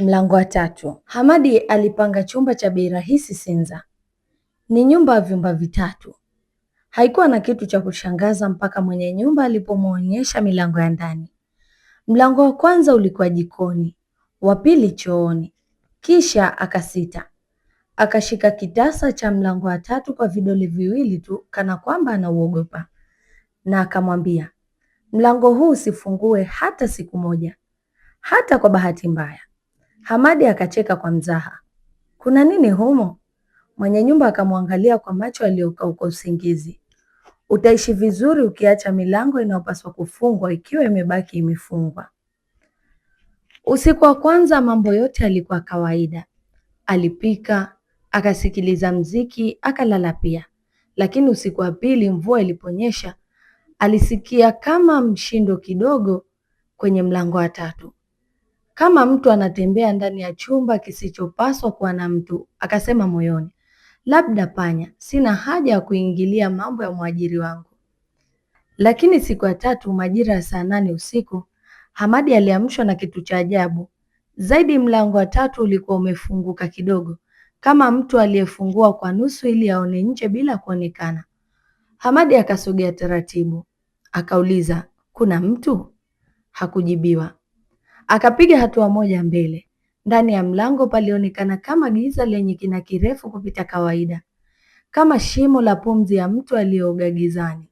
Mlango wa tatu. Hamadi alipanga chumba cha bei rahisi Sinza. Ni nyumba ya vyumba vitatu. Haikuwa na kitu cha kushangaza mpaka mwenye nyumba alipomwonyesha milango ya ndani. Mlango wa kwanza ulikuwa jikoni, wa pili chooni, kisha akasita. Akashika kitasa cha mlango wa tatu kwa vidole viwili tu, kana kwamba anauogopa, na akamwambia, mlango huu usifungue hata siku moja, hata kwa bahati mbaya. Hamadi akacheka kwa mzaha. Kuna nini humo? Mwenye nyumba akamwangalia kwa macho aliyokauka usingizi. Utaishi vizuri ukiacha milango inayopaswa kufungwa ikiwa imebaki imefungwa. Usiku wa kwanza mambo yote yalikuwa kawaida. Alipika, akasikiliza mziki, akalala pia. Lakini usiku wa pili mvua iliponyesha, alisikia kama mshindo kidogo kwenye mlango wa tatu kama mtu anatembea ndani ya chumba kisichopaswa kuwa na mtu, akasema moyoni, labda panya, sina haja ya kuingilia mambo ya mwajiri wangu. Lakini siku ya tatu majira ya saa nane usiku Hamadi aliamshwa na kitu cha ajabu zaidi. Mlango wa tatu ulikuwa umefunguka kidogo, kama mtu aliyefungua kwa nusu ili aone nje bila kuonekana. Hamadi akasogea taratibu, akauliza kuna mtu? Hakujibiwa. Akapiga hatua moja mbele. Ndani ya mlango palionekana kama giza lenye kina kirefu kupita kawaida, kama shimo la pumzi ya mtu aliyeoga gizani.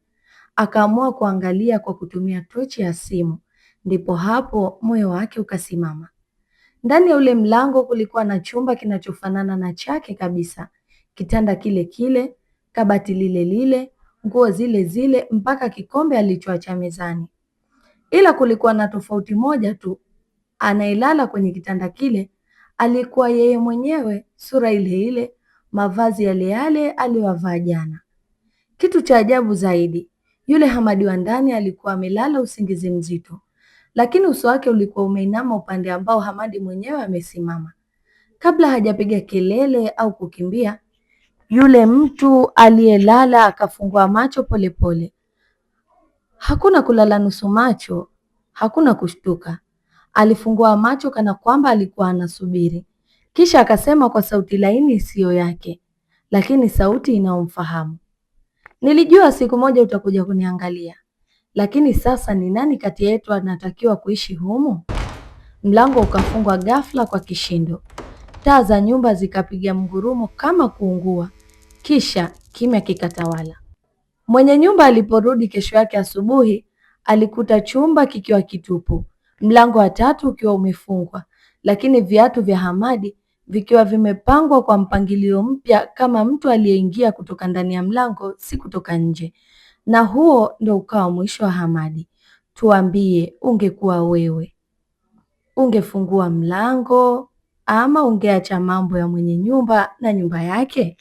Akaamua kuangalia kwa kutumia tochi ya simu, ndipo hapo moyo wake ukasimama. Ndani ya ule mlango kulikuwa na chumba kinachofanana na chake kabisa, kitanda kile kile, kabati lile lile, nguo zile zile, mpaka kikombe alichoacha mezani, ila kulikuwa na tofauti moja tu anayelala kwenye kitanda kile alikuwa yeye mwenyewe, sura ile ile, mavazi yale yale aliyovaa jana. Kitu cha ajabu zaidi, yule Hamadi wa ndani alikuwa amelala usingizi mzito, lakini uso wake ulikuwa umeinama upande ambao Hamadi mwenyewe amesimama. Kabla hajapiga kelele au kukimbia, yule mtu aliyelala akafungua macho polepole pole. Hakuna kulala nusu macho, hakuna kushtuka. Alifungua macho kana kwamba alikuwa anasubiri, kisha akasema kwa sauti laini isiyo yake, lakini sauti inayomfahamu, nilijua siku moja utakuja kuniangalia, lakini sasa ni nani kati yetu anatakiwa kuishi humu? Mlango ukafungwa ghafla kwa kishindo, taa za nyumba zikapiga mgurumo kama kuungua, kisha kimya kikatawala. Mwenye nyumba aliporudi kesho yake asubuhi, alikuta chumba kikiwa kitupu, mlango wa tatu ukiwa umefungwa, lakini viatu vya Hamadi vikiwa vimepangwa kwa mpangilio mpya kama mtu aliyeingia kutoka ndani ya mlango, si kutoka nje. Na huo ndo ukawa mwisho wa Hamadi. Tuambie, ungekuwa wewe, ungefungua mlango ama ungeacha mambo ya mwenye nyumba na nyumba yake?